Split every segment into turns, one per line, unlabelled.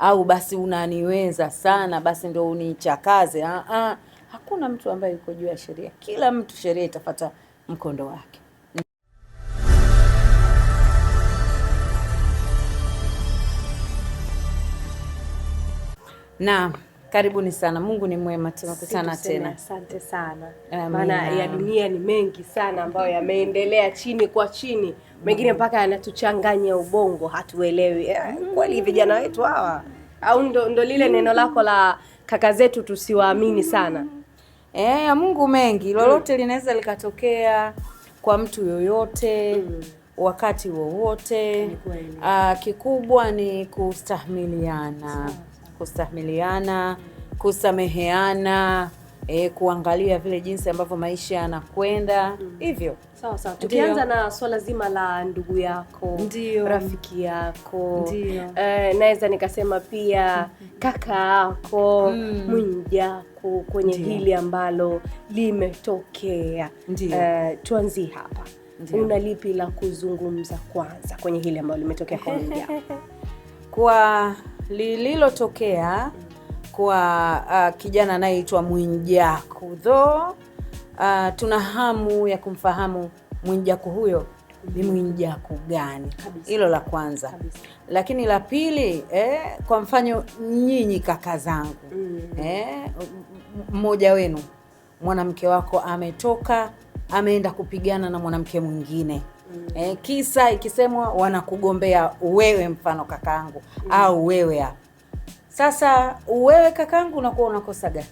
au basi unaniweza sana, basi ndio unichakaze. Ah, ah, hakuna mtu ambaye yuko juu ya sheria. Kila mtu sheria itapata mkondo wake. Naam. Karibuni sana. Mungu ni mwema, tunakutana tena.
Asante sana, maana ya dunia ni mengi sana ambayo yameendelea chini kwa chini, mengine mpaka yanatuchanganya ubongo, hatuelewi eh, kweli vijana wetu hawa au ndo, ndo lile neno lako la kaka zetu tusiwaamini sana.
eh? ya Mungu mengi, mm. lolote linaweza likatokea kwa mtu yoyote mm. wakati wowote. Ah, kikubwa ni kustahimiliana kustahimiliana, kusameheana E, kuangalia vile jinsi ambavyo maisha yanakwenda mm. Hivyo
sawa sawa, tukianza na swala zima la ndugu yako Ndiyo. rafiki yako e, naweza nikasema pia kaka yako mm. kwenye Ndiyo. hili ambalo limetokea eh, tuanzie hapa Ndiyo. una lipi la kuzungumza kwanza kwenye hili ambalo limetokea kwa
kwa lililotokea kwa uh, kijana anayeitwa Mwijaku dho uh, tuna hamu ya kumfahamu Mwijaku huyo ni Mwijaku gani? Hilo la kwanza kabisa. Lakini la pili eh, kwa mfano nyinyi kaka zangu mm eh, mmoja wenu mwanamke wako ametoka ameenda kupigana na mwanamke mwingine mm. E, kisa ikisemwa wanakugombea wewe, mfano kakaangu mm. au wewe hapo sasa, wewe kakaangu unakuwa unakosa gani?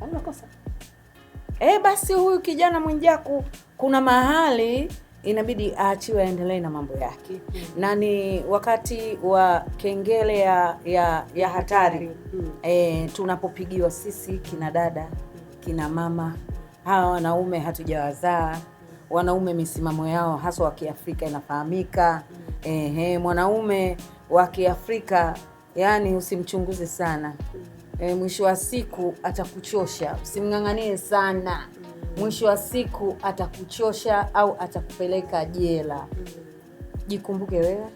Unakosa e, eh, basi huyu kijana mwenjaku kuna mahali inabidi aachiwe aendelee na mambo yake mm na ni wakati wa kengele ya ya, ya hatari mm E, tunapopigiwa sisi kina dada kina mama hawa wanaume hatujawazaa wanaume misimamo yao haswa wa Kiafrika inafahamika. Ehe, mwanaume wa Kiafrika yani usimchunguze sana. E, mwisho wa siku atakuchosha, usimng'ang'anie sana. Mwisho wa siku atakuchosha au atakupeleka jela. Jikumbuke wewe,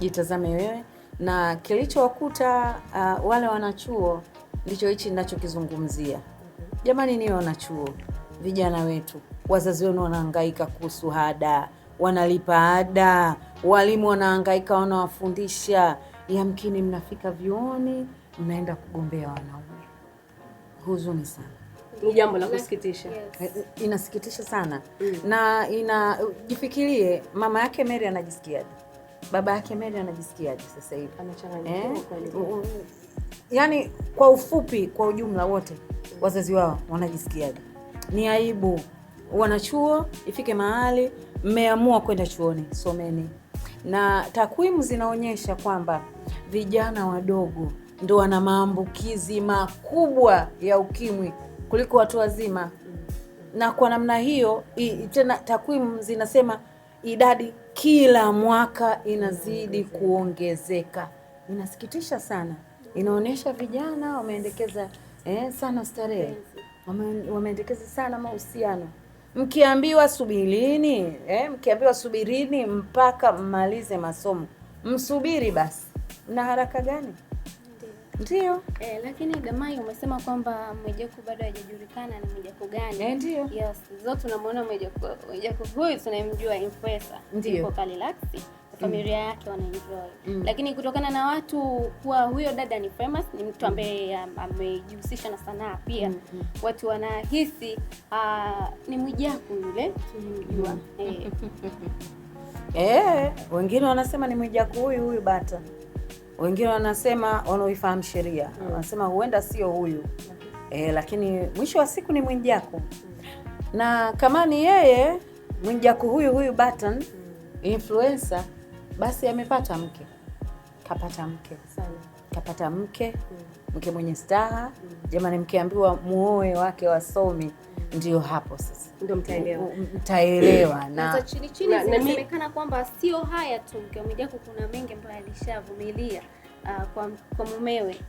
jitazame wewe, na kilichowakuta uh, wale wanachuo ndicho hichi ninachokizungumzia. Jamani, niwe wanachuo vijana wetu, wazazi wenu wanahangaika kuhusu ada, wanalipa ada, walimu wanahangaika, wanawafundisha, yamkini mnafika vyuoni mnaenda kugombea wanaume. Huzuni sana,
ni jambo la kusikitisha. Yes.
Eh, inasikitisha sana mm. na ina jifikirie, mama yake Mary anajisikiaje? Baba yake Mary anajisikiaje sasa hivi? Eh? Yaani, kwa ufupi, kwa ujumla wote wazazi wao wanajisikiaje? ni aibu. Wanachuo, ifike mahali mmeamua kwenda chuoni, someni. Na takwimu zinaonyesha kwamba vijana wadogo ndo wana maambukizi makubwa ya ukimwi kuliko watu wazima, na kwa namna hiyo i, tena takwimu zinasema idadi kila mwaka inazidi kuongezeka. Inasikitisha sana, inaonyesha vijana wameendekeza eh, sana starehe wameendekeza sana mahusiano, mkiambiwa subirini eh, mkiambiwa subirini mpaka mmalize masomo msubiri basi, mna haraka gani? Ndio.
E, lakini Gamai umesema kwamba Mwijaku bado hajajulikana ni Mwijaku gani? E, ndio. Yes, zote tunamwona Mwijaku, Mwijaku huyu tunamjua influencer. Ndio. Yuko Kalilaksi familia yake wanaenjoy mm. Lakini kutokana na watu kuwa huyo dada ni famous, ni mtu ambaye amejihusisha na sanaa pia mm -hmm. Watu wanahisi uh, ni Mwijaku yule tunamjua mm
eh. eh, wengine wanasema ni Mwijaku huyu huyu bata, wengine wanasema wanaoifahamu sheria mm. Wanasema huenda sio huyu E, lakini mwisho wa siku ni Mwijaku mm. na kama ni yeye Mwijaku huyu huyu button mm. influencer basi amepata mke, kapata mke sana, kapata mke mm. mke mwenye staha mm. Jamani, mkiambiwa muoe wake wasomi ndio hapo sasa ndio mtaelewa, mm. na sasa
chini chini zinasemekana kwamba sio haya tu, mke umejako, kuna mengi ambayo alishavumilia uh, kwa, kwa mumewe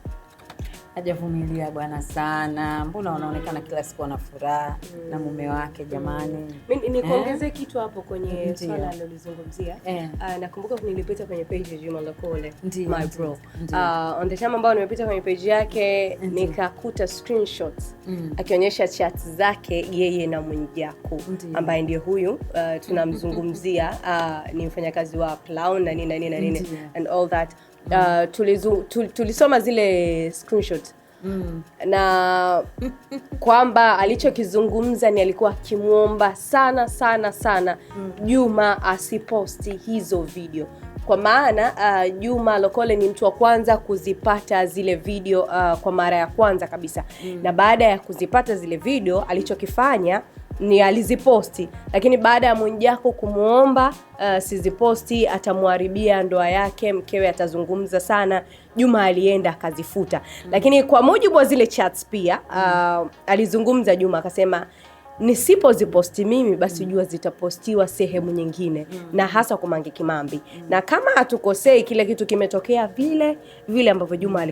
hajavumilia bwana sana, mbona wanaonekana kila siku wana furaha mm. na mume wake jamani.
Mimi nikuongeze eh? kitu hapo kwenye swala alilozungumzia eh. Uh, nakumbuka nilipita kwenye page ya Juma Lokole my bro uh, on the time ambao nimepita kwenye page yake nikakuta screenshots mm. akionyesha chat zake yeye na Mwijaku ambaye ndio huyu uh, tunamzungumzia uh, ni mfanyakazi wa Plaun na nini na nini na nini and all that uh, tulizu, tul, tulisoma zile screenshot Mm. na kwamba alichokizungumza ni alikuwa akimwomba sana sana sana mm. Juma asiposti hizo video kwa maana uh, Juma Lokole ni mtu wa kwanza kuzipata zile video uh, kwa mara ya kwanza kabisa mm. na baada ya kuzipata zile video alichokifanya ni aliziposti, lakini baada ya Mwijaku kumwomba uh, siziposti atamwharibia ndoa yake, mkewe atazungumza sana, Juma alienda akazifuta. Lakini kwa mujibu wa zile chats pia uh, alizungumza Juma akasema nisipoziposti mimi basi mm. jua zitapostiwa sehemu nyingine, mm. na hasa kwa Mange Kimambi. Mm. Na kama hatukosei, kile kitu kimetokea vile vile ambavyo Juma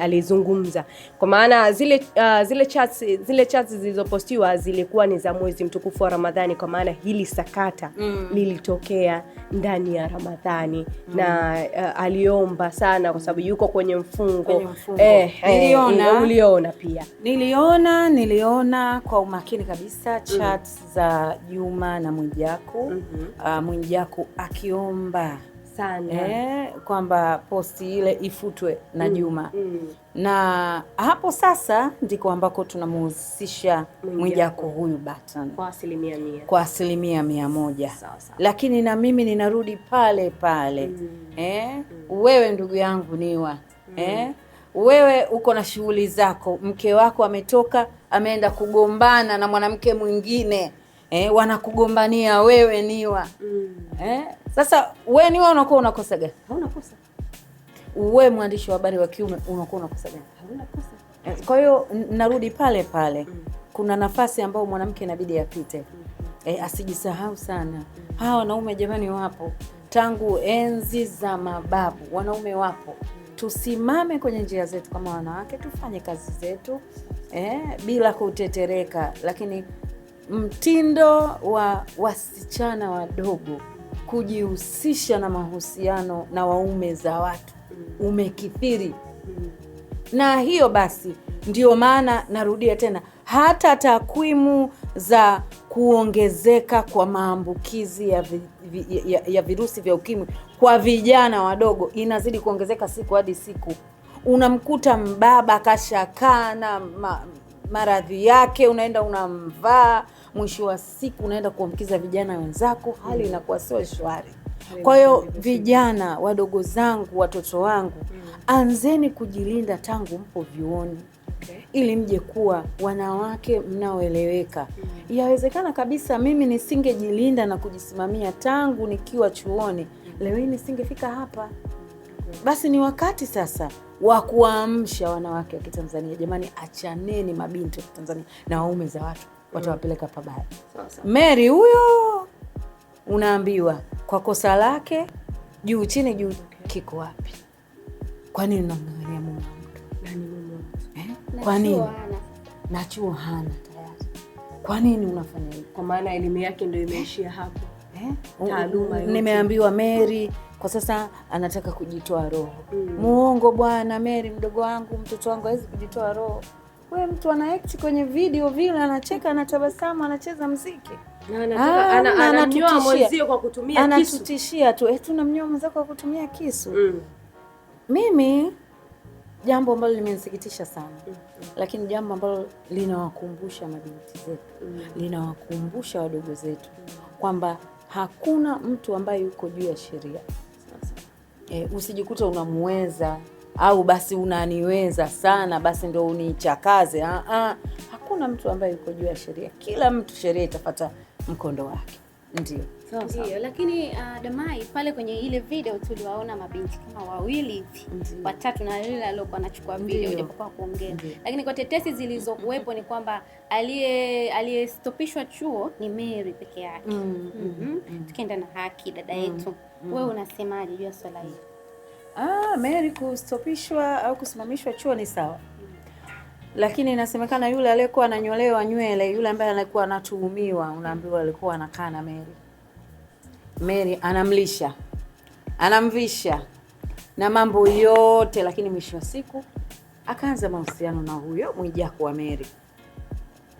alizungumza, kwa maana zile uh, zile chats zile chats zilizopostiwa zilikuwa ni za mwezi mtukufu wa Ramadhani, kwa maana hili sakata mm. lilitokea ndani ya Ramadhani mm. na uh, aliomba sana kwa sababu yuko kwenye mfungo, kwenye mfungo. Eh,
niliona,
eh, niliona pia
niliona niliona kwa umakini kabisa kabisa chats mm. za Juma na Mwijaku mm -hmm. uh, Mwijaku akiomba sana eh, kwamba posti ile ifutwe na mm-hmm. Juma mm. mm. na hapo sasa ndiko ambako tunamuhusisha Mwijaku huyu Button kwa
asilimia mia,
kwa asilimia mia moja Lakini na mimi ninarudi pale pale mm. Eh, mm. wewe ndugu yangu niwa mm. eh, wewe uko na shughuli zako, mke wako ametoka ameenda kugombana na mwanamke mwingine eh, wanakugombania wewe niwa mm. eh, sasa we niwa unakuwa unakosa gani? Hauna kosa. Wewe mwandishi wa habari wa kiume unakuwa unakosa gani? Hauna kosa. Eh, kwa hiyo narudi pale pale mm. kuna nafasi ambayo mwanamke inabidi apite mm. eh, asijisahau sana mm. hawa wanaume jamani, wapo mm. tangu enzi za mababu, wanaume wapo tusimame kwenye njia zetu kama wanawake, tufanye kazi zetu eh, bila kutetereka. Lakini mtindo wa wasichana wadogo kujihusisha na mahusiano na waume za watu umekithiri, na hiyo basi ndiyo maana narudia tena, hata takwimu za kuongezeka kwa maambukizi ya, vi, ya, ya virusi vya ukimwi kwa vijana wadogo inazidi kuongezeka siku hadi siku. Unamkuta mbaba kashakaa na ma, maradhi yake, unaenda unamvaa, mwisho wa siku unaenda kuamkiza vijana wenzako, hali mm. inakuwa sio shwari. Kwa hiyo vijana wadogo zangu, watoto wangu, mm. anzeni kujilinda tangu mpo vyuoni okay. ili mje kuwa wanawake mnaoeleweka. mm. Yawezekana kabisa mimi nisingejilinda na kujisimamia tangu nikiwa chuoni, mm. leo hii nisingefika hapa. Basi ni wakati sasa wa kuwaamsha wanawake wa Kitanzania. Jamani, achaneni mabinti wa Kitanzania na waume za watu watawapeleka mm. pabaya. Mary huyo unaambiwa kwa kosa lake juu chini juu, kiko wapi? Kwa nini unamng'ang'ania mume wa mtu? Kwa nini? Na chuo hana tayari. Kwa nini unafanya hivyo?
Kwa maana elimu yake ndio imeishia hapo.
Eh? Nimeambiwa Mary kwa sasa anataka kujitoa roho. Mm. Muongo bwana, Mary mdogo wangu, mtoto wangu hawezi kujitoa roho. We mtu ana act kwenye video vile, anacheka, anatabasamu, anacheza mziki ah, anatutishia tu, eh, tunamnyoa mwenzako kwa kutumia kisu. Mm. Mimi jambo ambalo limenisikitisha sana mm -hmm. Lakini jambo ambalo linawakumbusha mabinti zetu mm -hmm. linawakumbusha wadogo zetu mm -hmm. kwamba hakuna mtu ambaye yuko juu ya sheria e, usijikuta unamuweza au basi unaniweza sana basi ndo unichakaze. Ah, ah. hakuna mtu ambaye yuko juu ya sheria. Kila mtu sheria itapata mkondo wake. Ndio.
Ndio, lakini uh, Damai pale kwenye ile video tuliwaona mabinti kama wawili watatu, na yule aliyokuwa anachukua video japokuwa kuongea, lakini kwa tetesi zilizokuwepo ni kwamba aliye aliyestopishwa chuo ni Mary peke yake. mm, mm, mhm. mm -hmm. Tukienda na haki dada mm, yetu, mm, mm. Wewe unasemaje juu ya swala hili?
Ah, Mary kustopishwa au kusimamishwa chuo ni sawa. mm lakini inasemekana yule aliyekuwa ananyolewa nywele, yule ambaye alikuwa anatuhumiwa, unaambiwa alikuwa anakaa na Mary. Mary anamlisha, anamvisha na mambo yote, lakini mwisho wa siku akaanza mahusiano na huyo Mwijaku wa Mary.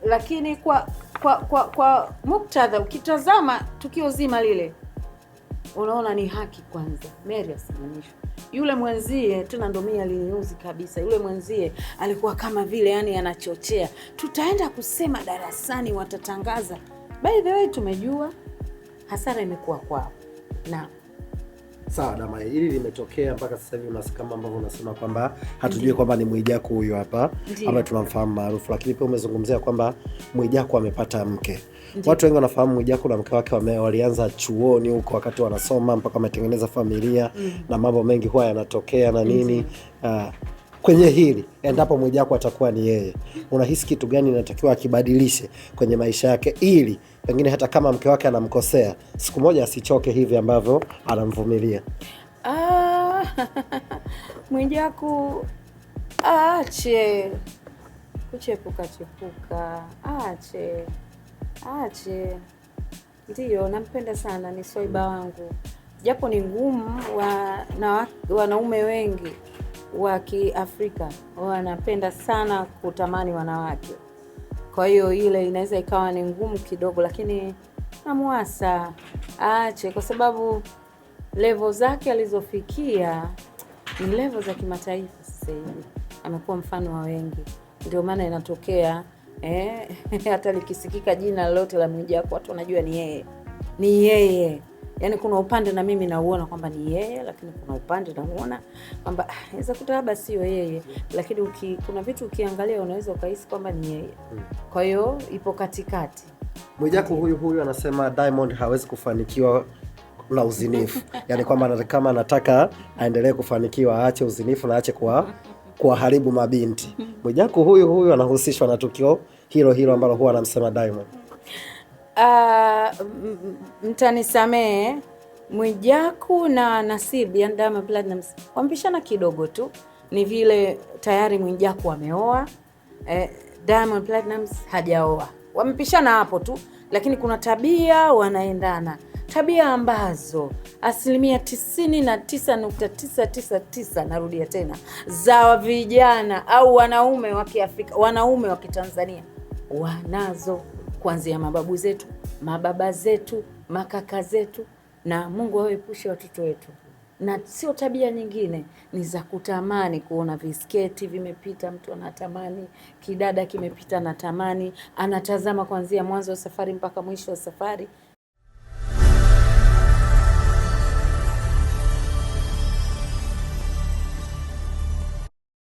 Lakini kwa kwa kwa, kwa muktadha ukitazama tukio zima lile unaona ni haki kwanza. Mary asimamishwe. Yule mwenzie tena ndo mimi aliniuzi kabisa. Yule mwenzie alikuwa kama vile yani anachochea, tutaenda kusema darasani, watatangaza. By the way, tumejua hasara imekuwa kwao na
Sawa Dama, hili limetokea mpaka sasa hivi kama ambavyo unasema kwamba hatujui kwamba ni Mwijaku huyu hapa ama tunamfahamu maarufu, lakini pia umezungumzia kwamba Mwijaku amepata mke. Watu wengi wanafahamu Mwijaku na mke wake walianza chuoni huko wakati wanasoma mpaka wametengeneza familia mm. na mambo mengi huwa yanatokea na nini uh, kwenye hili endapo Mwijaku atakuwa ni yeye, unahisi kitu gani inatakiwa akibadilishe kwenye maisha yake ili pengine hata kama mke wake anamkosea siku moja asichoke hivi ambavyo anamvumilia?
Ah, Mwijaku ache kuchepuka chepuka, ache ache. Ndiyo, nampenda sana, ni swaiba wangu, japo ni ngumu. Wanaume wengi wa Kiafrika wanapenda sana kutamani wanawake kwa hiyo ile inaweza ikawa ni ngumu kidogo, lakini namwasa aache, kwa sababu levo zake alizofikia ni levo za kimataifa. Sasa hivi amekuwa mfano wa wengi, ndio maana inatokea eh, hata likisikika jina lolote la Mwijaku watu wanajua ni yeye, ni yeye yani kuna upande na mimi nauona kwamba ni yeye, lakini kuna upande nauona kwamba ah, naweza kuta labda sio yeye, lakini uki, kuna vitu ukiangalia unaweza ukahisi kwamba ni yeye. Hmm. Kwa hiyo ipo katikati.
Mwijaku huyu huyu anasema Diamond hawezi kufanikiwa na uzinifu, yani kwamba kama anataka aendelee kufanikiwa aache uzinifu na aache kuwa kuwaharibu mabinti. Mwijaku huyu huyu anahusishwa na tukio hilo hilo ambalo huwa anamsema Diamond
uh, mtanisamehe Mwijaku na nasib yani Diamond Platnumz wamepishana kidogo tu, ni vile tayari Mwijaku ameoa eh, Diamond Platnumz hajaoa, wamepishana hapo tu, lakini kuna tabia wanaendana, tabia ambazo asilimia tisini na tisa nukta tisa tisa tisa narudia tena, za vijana au wanaume wa Kiafrika, wanaume wa Kitanzania wanazo kuanzia mababu zetu, mababa zetu, makaka zetu, na Mungu awaepushe watoto wetu na sio tabia nyingine, ni za kutamani kuona visketi vimepita, mtu anatamani kidada kimepita, anatamani, anatazama kuanzia mwanzo wa safari mpaka mwisho wa safari.